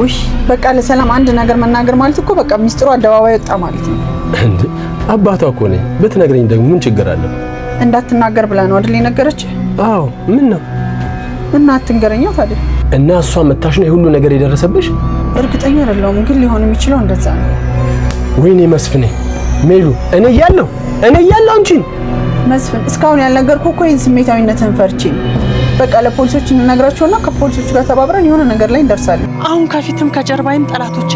ውይ በቃ ለሰላም አንድ ነገር መናገር ማለት እኮ በቃ ሚስጥሩ አደባባይ ወጣ ማለት ነው። እንዴ አባቷ እኮ ነኝ። ብትነግረኝ ደግሞ ምን ችግር አለው? እንዳትናገር ብላ ነው አይደል የነገረች? አዎ። ምን ነው እና አትንገረኛው ታዲያ። እና እሷ መታሽ ነው የሁሉ ነገር የደረሰብሽ? እርግጠኛ አይደለሁም፣ ግን ሊሆን የሚችለው እንደዛ ነው። ወይኔ መስፍኔ፣ ሜሉ፣ እኔ እያለሁ እኔ እያለሁ አንቺን መስፍን፣ እስካሁን ያልነገርኩህ እኮ ይህን ስሜታዊነትን ፈርቼ ነው። በቃ ለፖሊሶች እንነግራቸውና ከፖሊሶች ጋር ተባብረን የሆነ ነገር ላይ እንደርሳለን። አሁን ከፊትም ከጀርባይም ጠላቶቼ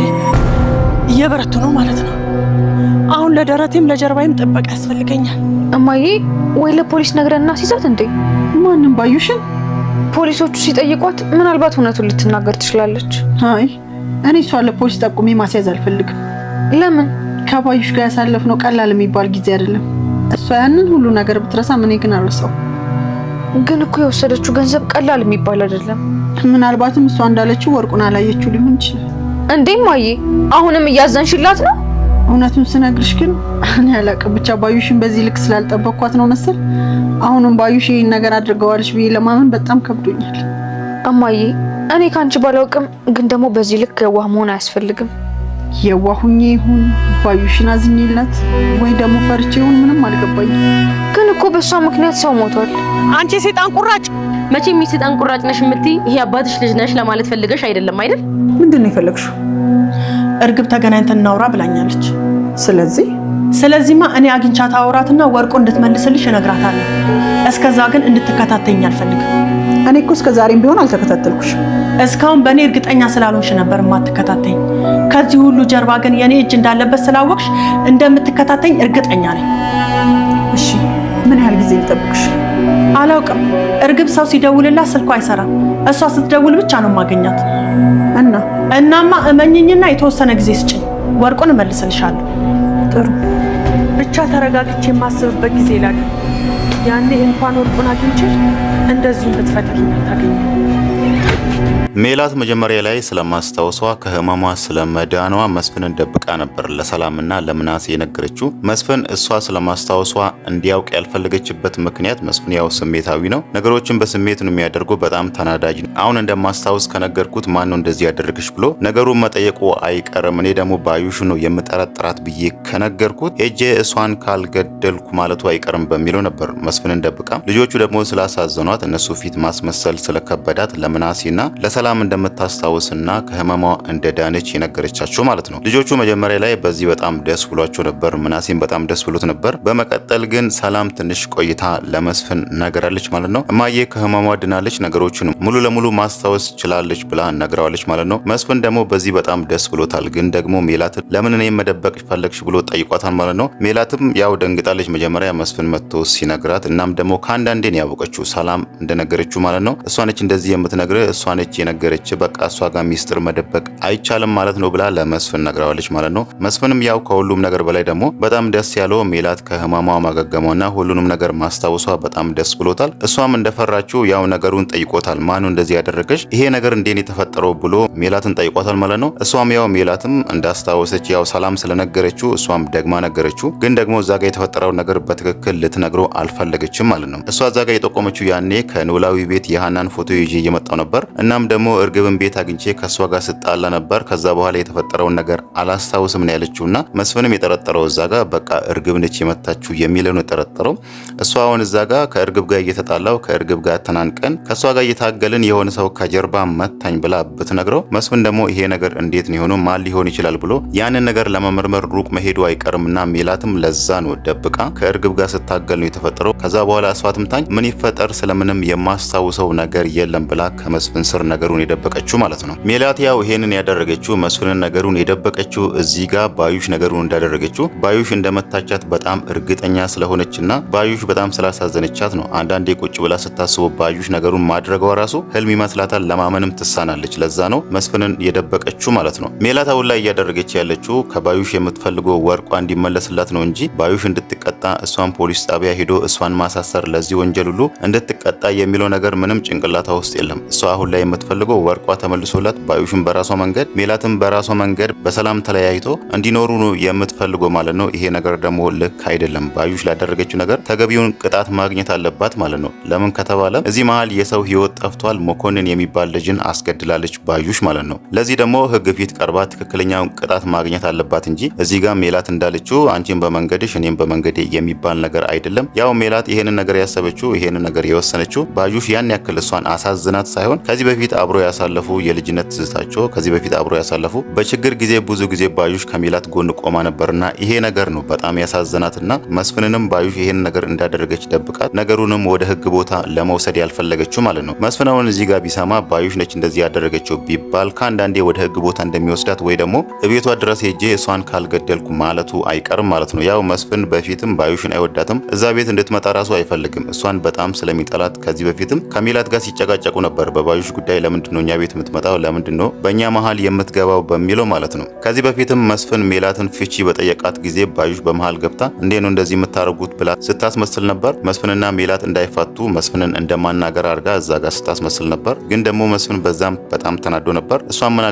እየበረቱ ነው ማለት ነው። አሁን ለደረቴም ለጀርባይም ጥበቃ ያስፈልገኛል። እማዬ ወይ ለፖሊስ ነግረንና ሲዛት እንዴ ማንም ባዩሽን ፖሊሶቹ ሲጠይቋት ምናልባት እውነቱን ልትናገር ትችላለች። አይ እኔ እሷን ለፖሊስ ጠቁሜ ማስያዝ አልፈልግም። ለምን? ከባዩሽ ጋር ያሳለፍነው ቀላል የሚባል ጊዜ አይደለም። እሷ ያንን ሁሉ ነገር ብትረሳም እኔ ግን አልረሳው ግን እኮ የወሰደችው ገንዘብ ቀላል የሚባል አይደለም። ምናልባትም እሷ እንዳለችው ወርቁን አላየችው ሊሆን ይችላል። እንዴ አየ አሁንም እያዘንሽላት ነው። እውነቱን ስነግርሽ ግን እኔ አላቅም። ብቻ ባዩሽን በዚህ ልክ ስላልጠበቅኳት ነው መሰል። አሁንም ባዩሽ ይህን ነገር አድርገዋለች ብዬ ለማመን በጣም ከብዶኛል። እማዬ እኔ ከአንቺ ባላውቅም፣ ግን ደግሞ በዚህ ልክ የዋህ መሆን አያስፈልግም። የዋሁኜ ይሁን ባዩሽን አዝኜላት ወይ ደግሞ ፈርቼ ይሁን ምንም አልገባኝ። ግን እኮ በእሷ ምክንያት ሰው ሞቷል። አንቺ የሴጣን ቁራጭ! መቼም የሴጣን ቁራጭ ነሽ የምትይ ይሄ አባትሽ ልጅ ነሽ ለማለት ፈልገሽ አይደለም አይደል? ምንድን ነው የፈለግሽው? እርግብ ተገናኝተን እናውራ ብላኛለች። ስለዚህ ስለዚህማ እኔ አግኝቻት አውራትና ወርቆ እንድትመልስልሽ እነግራታለሁ። እስከዛ ግን እንድትከታተኝ አልፈልግም። እኔ እኮ እስከ ዛሬም ቢሆን አልተከታተልኩሽም። እስካሁን በእኔ እርግጠኛ ስላልሆንሽ ነበር ማትከታተኝ። ከዚህ ሁሉ ጀርባ ግን የእኔ እጅ እንዳለበት ስላወቅሽ እንደምትከታተኝ እርግጠኛ ነኝ። እሺ ምን ያህል ጊዜ ልጠብቅሽ? አላውቅም። እርግብ ሰው ሲደውልላት ስልኳ አይሰራም። እሷ ስትደውል ብቻ ነው ማገኛት እና እናማ እመኝኝና የተወሰነ ጊዜ ስጭኝ፣ ወርቁን እመልስልሻለሁ። ጥሩ ብቻ ተረጋግቼ የማስብበት ጊዜ ላገኝ ያኔ እንኳን ወርቁን አግኝቼ እንደዚሁ ብትፈትጊ ታገኘ ሜላት መጀመሪያ ላይ ስለማስታወሷ ከህመሟ ስለመዳኗ መስፍንን ደብቃ ነበር ለሰላምና ለምናሴ የነገረችው። መስፍን እሷ ስለማስታወሷ እንዲያውቅ ያልፈለገችበት ምክንያት መስፍን ያው ስሜታዊ ነው፣ ነገሮችን በስሜት ነው የሚያደርገው። በጣም ተናዳጅ ነው። አሁን እንደማስታወስ ከነገርኩት ማን ነው እንደዚህ ያደረግሽ ብሎ ነገሩን መጠየቁ አይቀርም። እኔ ደግሞ ባዩሽ ነው የምጠረጥራት ብዬ ከነገርኩት ሄጄ እሷን ካልገደልኩ ማለቱ አይቀርም በሚለው ነበር መስፍንን ደብቃ። ልጆቹ ደግሞ ስላሳዘኗት እነሱ ፊት ማስመሰል ስለከበዳት ለምናሴ እንደምታውቂና ለሰላም እንደምታስታውስና ከህመሟ እንደዳነች የነገረቻቸው ማለት ነው። ልጆቹ መጀመሪያ ላይ በዚህ በጣም ደስ ብሏቸው ነበር። ምናሴም በጣም ደስ ብሎት ነበር። በመቀጠል ግን ሰላም ትንሽ ቆይታ ለመስፍን ነገራለች ማለት ነው። እማዬ ከህመሟ ድናለች፣ ነገሮችን ሙሉ ለሙሉ ማስታወስ ችላለች ብላ ነግረዋለች ማለት ነው። መስፍን ደግሞ በዚህ በጣም ደስ ብሎታል። ግን ደግሞ ሜላት ለምን እኔም መደበቅ ፈለግሽ ብሎ ጠይቋታል ማለት ነው። ሜላትም ያው ደንግጣለች መጀመሪያ መስፍን መጥቶ ሲነግራት። እናም ደግሞ ከአንዳንዴን ያወቀችው ሰላም እንደነገረችው ማለት ነው። እሷ ነች እንደዚህ የምትነግር እሷ ነች የነገረች፣ በቃ እሷ ጋር ሚስጥር መደበቅ አይቻልም ማለት ነው ብላ ለመስፍን ነግረዋለች ማለት ነው። መስፍንም ያው ከሁሉም ነገር በላይ ደግሞ በጣም ደስ ያለው ሜላት ከህመሟ ማገገሟና ሁሉንም ነገር ማስታወሷ በጣም ደስ ብሎታል። እሷም እንደፈራችው ያው ነገሩን ጠይቆታል። ማኑ እንደዚህ ያደረገች ይሄ ነገር እንዴን የተፈጠረው ብሎ ሜላትን ጠይቋታል ማለት ነው። እሷም ያው ሜላትም እንዳስታወሰች ያው ሰላም ስለነገረችው እሷም ደግማ ነገረችው። ግን ደግሞ እዛ ጋ የተፈጠረው ነገር በትክክል ልትነግረው አልፈለገችም ማለት ነው። እሷ እዛ ጋ የጠቆመችው ያኔ ከኖላዊ ቤት የሀናን ፎቶ ይዤ እየመጣው ነበር እናም ደግሞ እርግብን ቤት አግኝቼ ከእሷ ጋር ስጣላ ነበር። ከዛ በኋላ የተፈጠረውን ነገር አላስታውስም ነው ያለችው እና መስፍንም የጠረጠረው እዛ ጋር በቃ እርግብ ነች የመታችሁ የሚለው ነው የጠረጠረው። እሷ አሁን እዛ ጋር ከእርግብ ጋር እየተጣላው ከእርግብ ጋር ተናንቀን ከእሷ ጋር እየታገልን የሆነ ሰው ከጀርባ መታኝ ብላ ብትነግረው መስፍን ደግሞ ይሄ ነገር እንዴት ነው የሆነው ማን ሊሆን ይችላል ብሎ ያንን ነገር ለመመርመር ሩቅ መሄዱ አይቀርም እና ሜላትም ለዛ ነው ደብቃ ከእርግብ ጋር ስታገል ነው የተፈጠረው። ከዛ በኋላ አስፋትምታኝ ምን ይፈጠር ስለምንም የማስታውሰው ነገር የለም ብላ ከመስፍን መስፍን ስር ነገሩን የደበቀችው ማለት ነው። ሜላት ያው ይሄንን ያደረገችው መስፍንን ነገሩን የደበቀችው እዚህ ጋር ባዩሽ ነገሩን እንዳደረገችው ባዩሽ እንደመታቻት በጣም እርግጠኛ ስለሆነችና ባዩሽ በጣም ስላሳዘነቻት ነው። አንዳንዴ ቁጭ ብላ ስታስበው ባዩሽ ነገሩን ማድረገዋ ራሱ ህልም ይመስላታል፣ ለማመንም ትሳናለች። ለዛ ነው መስፍንን የደበቀችው ማለት ነው። ሜላት አሁን ላይ እያደረገች ያለችው ከባዩሽ የምትፈልገው ወርቋ እንዲመለስላት ነው እንጂ ባዩሽ እንድትቀጣ እሷን ፖሊስ ጣቢያ ሄዶ እሷን ማሳሰር ለዚህ ወንጀል ሁሉ እንድትቀጣ የሚለው ነገር ምንም ጭንቅላታ ውስጥ የለም። እሷ አሁን ላይ የምትፈልገው ወርቋ ተመልሶላት ባዩሽን በራሷ መንገድ ሜላትን በራሷ መንገድ በሰላም ተለያይቶ እንዲኖሩ ነው የምትፈልገው ማለት ነው። ይሄ ነገር ደግሞ ልክ አይደለም። ባዩሽ ላደረገችው ነገር ተገቢውን ቅጣት ማግኘት አለባት ማለት ነው። ለምን ከተባለ እዚህ መሀል የሰው ህይወት ጠፍቷል። መኮንን የሚባል ልጅን አስገድላለች ባዩሽ ማለት ነው። ለዚህ ደግሞ ህግ ፊት ቀርባ ትክክለኛውን ቅጣት ማግኘት አለባት እንጂ እዚህ ጋር ሜላት እንዳለችው አንቺን በመንገድሽ እኔም በመንገዴ የሚባል ነገር አይደለም። ያው ሜላት ይሄንን ነገር ያሰበችው ይሄንን ነገር የወሰነችው ባዩሽ ያን ያክል እሷን አሳዝናት ሳይሆን ከዚህ በፊት አብሮ ያሳለፉ የልጅነት ትዝታቸው ከዚህ በፊት አብሮ ያሳለፉ በችግር ጊዜ ብዙ ጊዜ ባዩሽ ከሚላት ጎን ቆማ ነበርና ይሄ ነገር ነው በጣም ያሳዘናትና መስፍንንም ባዩሽ ይሄን ነገር እንዳደረገች ደብቃት ነገሩንም ወደ ህግ ቦታ ለመውሰድ ያልፈለገችው ማለት ነው። መስፍናውን እዚህ ጋር ቢሰማ ባዩሽ ነች እንደዚህ ያደረገችው ቢባል ከአንዳንዴ ወደ ህግ ቦታ እንደሚወስዳት ወይ ደግሞ እቤቷ ድረስ ሄጄ እሷን ካልገደልኩ ማለቱ አይቀርም ማለት ነው። ያው መስፍን በፊትም ባዩሽን አይወዳትም። እዛ ቤት እንድትመጣ ራሱ አይፈልግም። እሷን በጣም ስለሚጠላት ከዚህ በፊትም ከሚላት ጋር ሲጨቃጨቁ ነበር በባዩ ልጅ ጉዳይ ለምንድን ነው እኛ ቤት የምትመጣው? ለምንድን ነው በእኛ መሀል የምትገባው? በሚለው ማለት ነው። ከዚህ በፊትም መስፍን ሜላትን ፍቺ በጠየቃት ጊዜ ባዩሽ በመሀል ገብታ እንዴ ነው እንደዚህ የምታደርጉት ብላ ስታስመስል ነበር። መስፍንና ሜላት እንዳይፋቱ መስፍንን እንደማናገር አድርጋ እዛ ጋር ስታስመስል ነበር። ግን ደግሞ መስፍን በዛም በጣም ተናዶ ነበር። እሷ ምን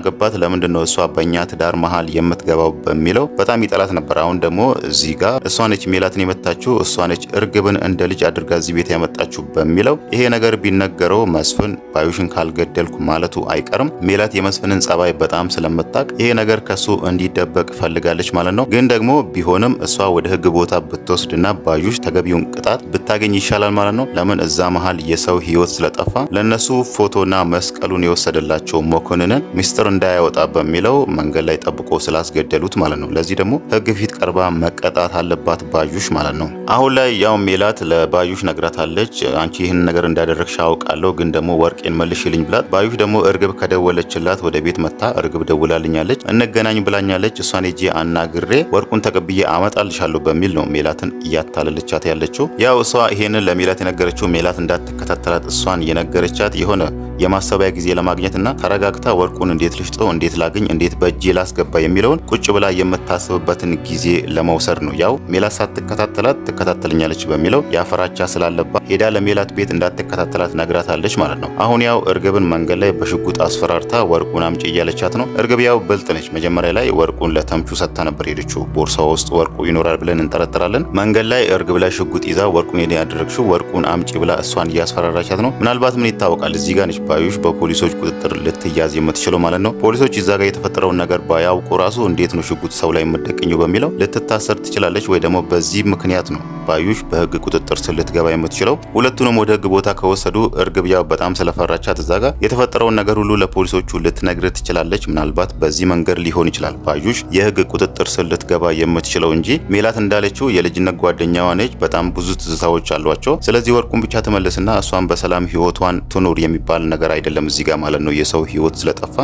ለምንድን ነው እሷ በእኛ ትዳር መሀል የምትገባው? በሚለው በጣም ይጠላት ነበር። አሁን ደግሞ እዚህ ጋር እሷ ነች ሜላትን የመታችው፣ እሷ ነች እርግብን እንደ ልጅ አድርጋ እዚህ ቤት ያመጣችው በሚለው ይሄ ነገር ቢነገረው መስፍን ባዩሽን አልገደልኩ ማለቱ አይቀርም። ሜላት የመስፍንን ጸባይ በጣም ስለምታቅ ይሄ ነገር ከሱ እንዲደበቅ ፈልጋለች ማለት ነው። ግን ደግሞ ቢሆንም እሷ ወደ ህግ ቦታ ብትወስድና ባዩሽ ተገቢውን ቅጣት ብታገኝ ይሻላል ማለት ነው። ለምን እዛ መሀል የሰው ህይወት ስለጠፋ ለነሱ ፎቶና መስቀሉን የወሰደላቸው መኮንንን ሚስጥር እንዳያወጣ በሚለው መንገድ ላይ ጠብቆ ስላስገደሉት ማለት ነው። ለዚህ ደግሞ ህግ ፊት ቀርባ መቀጣት አለባት ባዩሽ ማለት ነው። አሁን ላይ ያው ሜላት ለባዩሽ ነግራታለች። አንቺ ይህን ነገር እንዳደረግሽ አውቃለሁ፣ ግን ደግሞ ወርቄን መልሽ ደወልሽልኝ ብላት፣ ባዩሽ ደግሞ እርግብ ከደወለችላት ወደ ቤት መታ እርግብ ደውላልኛለች እንገናኝ ብላኛለች፣ እሷን ሄጄ አናግሬ ወርቁን ተቀብዬ አመጣልሻለሁ በሚል ነው ሜላትን እያታለለቻት ያለችው። ያው እሷ ይሄንን ለሜላት የነገረችው ሜላት እንዳትከታተላት እሷን የነገረቻት የሆነ የማሰቢያ ጊዜ ለማግኘትና ተረጋግታ ወርቁን እንዴት ልሽጦ እንዴት ላግኝ፣ እንዴት በእጄ ላስገባ የሚለውን ቁጭ ብላ የምታስብበትን ጊዜ ለመውሰድ ነው። ያው ሜላት ሳትከታተላት ትከታተልኛለች በሚለው ያፈራቻ ስላለባት ሄዳ ለሜላት ቤት እንዳትከታተላት ነግራታለች ማለት ነው። አሁን ያው እርግብን መንገድ ላይ በሽጉጥ አስፈራርታ ወርቁን አምጪ እያለቻት ነው። እርግብ ያው ብልጥ ነች። መጀመሪያ ላይ ወርቁን ለተምቹ ሰጥታ ነበር ሄደችው። ቦርሳ ውስጥ ወርቁ ይኖራል ብለን እንጠረጥራለን። መንገድ ላይ እርግብ ላይ ሽጉጥ ይዛ ወርቁን የኔ ያደረግሽው ወርቁን አምጪ ብላ እሷን እያስፈራራቻት ነው። ምናልባት ምን ይታወቃል፣ እዚህ ጋር ነች ባዩሽ በፖሊሶች ቁጥጥር ልትያዝ የምትችለው ማለት ነው። ፖሊሶች እዛ ጋር የተፈጠረውን ነገር ባያውቁ ራሱ እንዴት ነው ሽጉጥ ሰው ላይ የምደቅኘው በሚለው ልትታሰር ትችላለች፣ ወይ ደግሞ በዚህ ምክንያት ነው ባዩሽ በህግ ቁጥጥር ስር ልትገባ የምትችለው ሁለቱንም ወደ ህግ ቦታ ከወሰዱ እርግብ በጣም ስለፈራቻ ትዛጋ የተፈጠረውን ነገር ሁሉ ለፖሊሶቹ ልትነግር ትችላለች። ምናልባት በዚህ መንገድ ሊሆን ይችላል ባዩሽ የህግ ቁጥጥር ስር ልትገባ የምትችለው እንጂ ሜላት እንዳለችው የልጅነት ጓደኛዋ ነች። በጣም ብዙ ትዝታዎች አሏቸው። ስለዚህ ወርቁን ብቻ ትመልስና እሷን በሰላም ህይወቷን ትኑር የሚባል ነገር አይደለም እዚህ ጋር ማለት ነው። የሰው ህይወት ስለጠፋ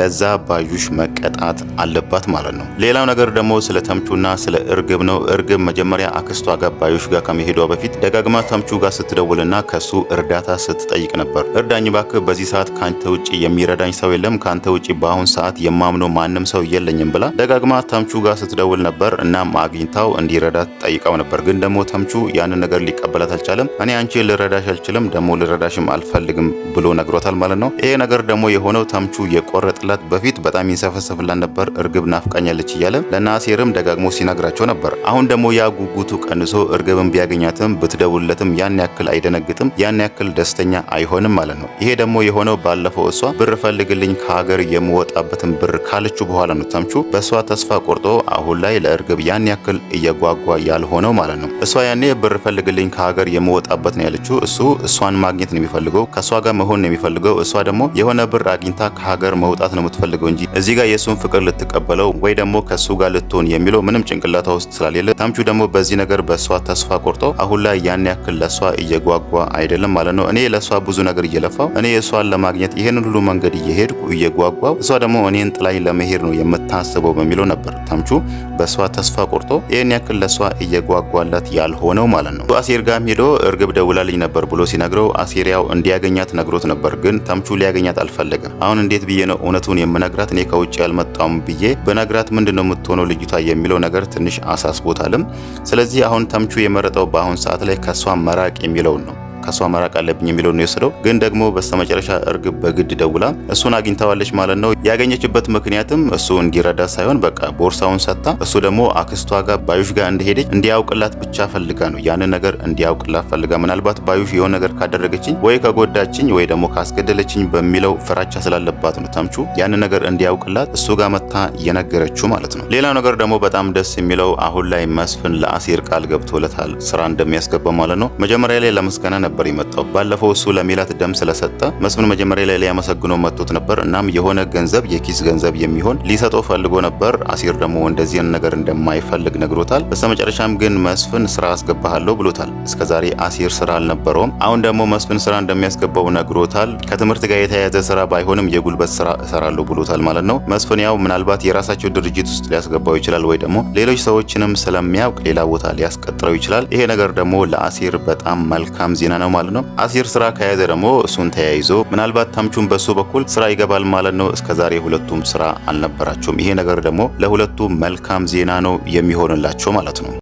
ለዛ ባዩሽ መቀጣት አለባት ማለት ነው። ሌላው ነገር ደግሞ ስለ ተምቹና ስለ እርግብ ነው። እርግብ መጀመሪያ አክስቷ ገባ ከራዮች ጋር ከመሄዷ በፊት ደጋግማ ተምቹ ጋር ስትደውልና ከሱ እርዳታ ስትጠይቅ ነበር። እርዳኝ ባክህ፣ በዚህ ሰዓት ካንተ ውጭ የሚረዳኝ ሰው የለም፣ ካንተ ውጭ በአሁን ሰዓት የማምነው ማንም ሰው የለኝም ብላ ደጋግማ ተምቹ ጋር ስትደውል ነበር። እናም አግኝታው እንዲረዳት ጠይቀው ነበር። ግን ደግሞ ተምቹ ያንን ነገር ሊቀበላት አልቻለም። እኔ አንቺ ልረዳሽ አልችልም፣ ደግሞ ልረዳሽም አልፈልግም ብሎ ነግሮታል ማለት ነው። ይሄ ነገር ደግሞ የሆነው ተምቹ የቆረጥላት በፊት በጣም ይንሰፈሰፍላት ነበር። እርግብ ናፍቃኛለች እያለ ለናሴርም ደጋግሞ ሲነግራቸው ነበር። አሁን ደግሞ ያ ጉጉቱ ቀንሶ መርገብን ቢያገኛትም ብትደውለትም ያን ያክል አይደነግጥም፣ ያን ያክል ደስተኛ አይሆንም ማለት ነው። ይሄ ደግሞ የሆነው ባለፈው እሷ ብር ፈልግልኝ ከሀገር የምወጣበትን ብር ካለችው በኋላ ነው ተምቹ በእሷ ተስፋ ቆርጦ አሁን ላይ ለእርግብ ያን ያክል እየጓጓ ያልሆነው ማለት ነው። እሷ ያኔ ብር ፈልግልኝ ከሀገር የምወጣበት ነው ያለችው። እሱ እሷን ማግኘት ነው የሚፈልገው፣ ከእሷ ጋር መሆን ነው የሚፈልገው። እሷ ደግሞ የሆነ ብር አግኝታ ከሀገር መውጣት ነው የምትፈልገው እንጂ እዚህ ጋር የእሱን ፍቅር ልትቀበለው ወይ ደግሞ ከእሱ ጋር ልትሆን የሚለው ምንም ጭንቅላታ ውስጥ ስላሌለ ተምቹ ደግሞ በዚህ ነገር በእሷ ተስፋ ቆርጦ አሁን ላይ ያን ያክል ለሷ እየጓጓ አይደለም ማለት ነው። እኔ ለሷ ብዙ ነገር እየለፋው እኔ እሷን ለማግኘት ይሄንን ሁሉ መንገድ እየሄድኩ እየጓጓው እሷ ደግሞ እኔን ጥላይ ለመሄድ ነው የምታስበው በሚለው ነበር ተምቹ በእሷ ተስፋ ቆርጦ ይህን ያክል ለእሷ እየጓጓላት ያልሆነው ማለት ነው። አሴር ጋም ሄዶ እርግብ ደውላልኝ ነበር ብሎ ሲነግረው አሴሪያው እንዲያገኛት ነግሮት ነበር፣ ግን ተምቹ ሊያገኛት አልፈለገም። አሁን እንዴት ብዬ ነው እውነቱን የምነግራት? እኔ ከውጭ ያልመጣውም ብዬ በነግራት ምንድን ነው የምትሆነው ልጅቷ የሚለው ነገር ትንሽ አሳስቦታልም። ስለዚህ አሁን ተምቹ ለልጆቹ የመረጠው በአሁን ሰዓት ላይ ከእሷ መራቅ የሚለውን ነው። ከእሷ መራቅ አለብኝ የሚለው ነው የወሰደው። ግን ደግሞ በስተመጨረሻ እርግብ በግድ ደውላ እሱን አግኝተዋለች ማለት ነው። ያገኘችበት ምክንያትም እሱ እንዲረዳ ሳይሆን በቃ ቦርሳውን ሰጥታ እሱ ደግሞ አክስቷ ጋር ባዩሽ ጋር እንደሄደች እንዲያውቅላት ብቻ ፈልጋ ነው። ያንን ነገር እንዲያውቅላት ፈልጋ ምናልባት ባዩሽ የሆነ ነገር ካደረገችኝ ወይ ከጎዳችኝ ወይ ደግሞ ካስገደለችኝ በሚለው ፍራቻ ስላለባት ነው ተምቹ ያንን ነገር እንዲያውቅላት እሱ ጋር መታ የነገረችው ማለት ነው። ሌላ ነገር ደግሞ በጣም ደስ የሚለው አሁን ላይ መስፍን ለአሲር ቃል ገብቶለታል ስራ እንደሚያስገባ ማለት ነው። መጀመሪያ ላይ ለመስገና ነበር የመጣው። ባለፈው እሱ ለሜላት ደም ስለሰጠ መስፍን መጀመሪያ ላይ ሊያመሰግኖ መጥቶት ነበር። እናም የሆነ ገንዘብ የኪስ ገንዘብ የሚሆን ሊሰጠው ፈልጎ ነበር። አሲር ደግሞ እንደዚህን ነገር እንደማይፈልግ ነግሮታል። በስተመጨረሻም መጨረሻም ግን መስፍን ስራ አስገባሃለሁ ብሎታል። እስከዛሬ አሲር ስራ አልነበረውም። አሁን ደግሞ መስፍን ስራ እንደሚያስገባው ነግሮታል። ከትምህርት ጋር የተያያዘ ስራ ባይሆንም የጉልበት ስራ እሰራለሁ ብሎታል ማለት ነው። መስፍን ያው ምናልባት የራሳቸው ድርጅት ውስጥ ሊያስገባው ይችላል ወይ ደግሞ ሌሎች ሰዎችንም ስለሚያውቅ ሌላ ቦታ ሊያስቀጥረው ይችላል። ይሄ ነገር ደግሞ ለአሲር በጣም መልካም ዜና ነው ማለት ነው። አሲር ስራ ከያዘ ደግሞ እሱን ተያይዞ ምናልባት ታምቹን በሱ በኩል ስራ ይገባል ማለት ነው። እስከዛሬ ሁለቱም ስራ አልነበራቸውም። ይሄ ነገር ደግሞ ለሁለቱም መልካም ዜና ነው የሚሆንላቸው ማለት ነው።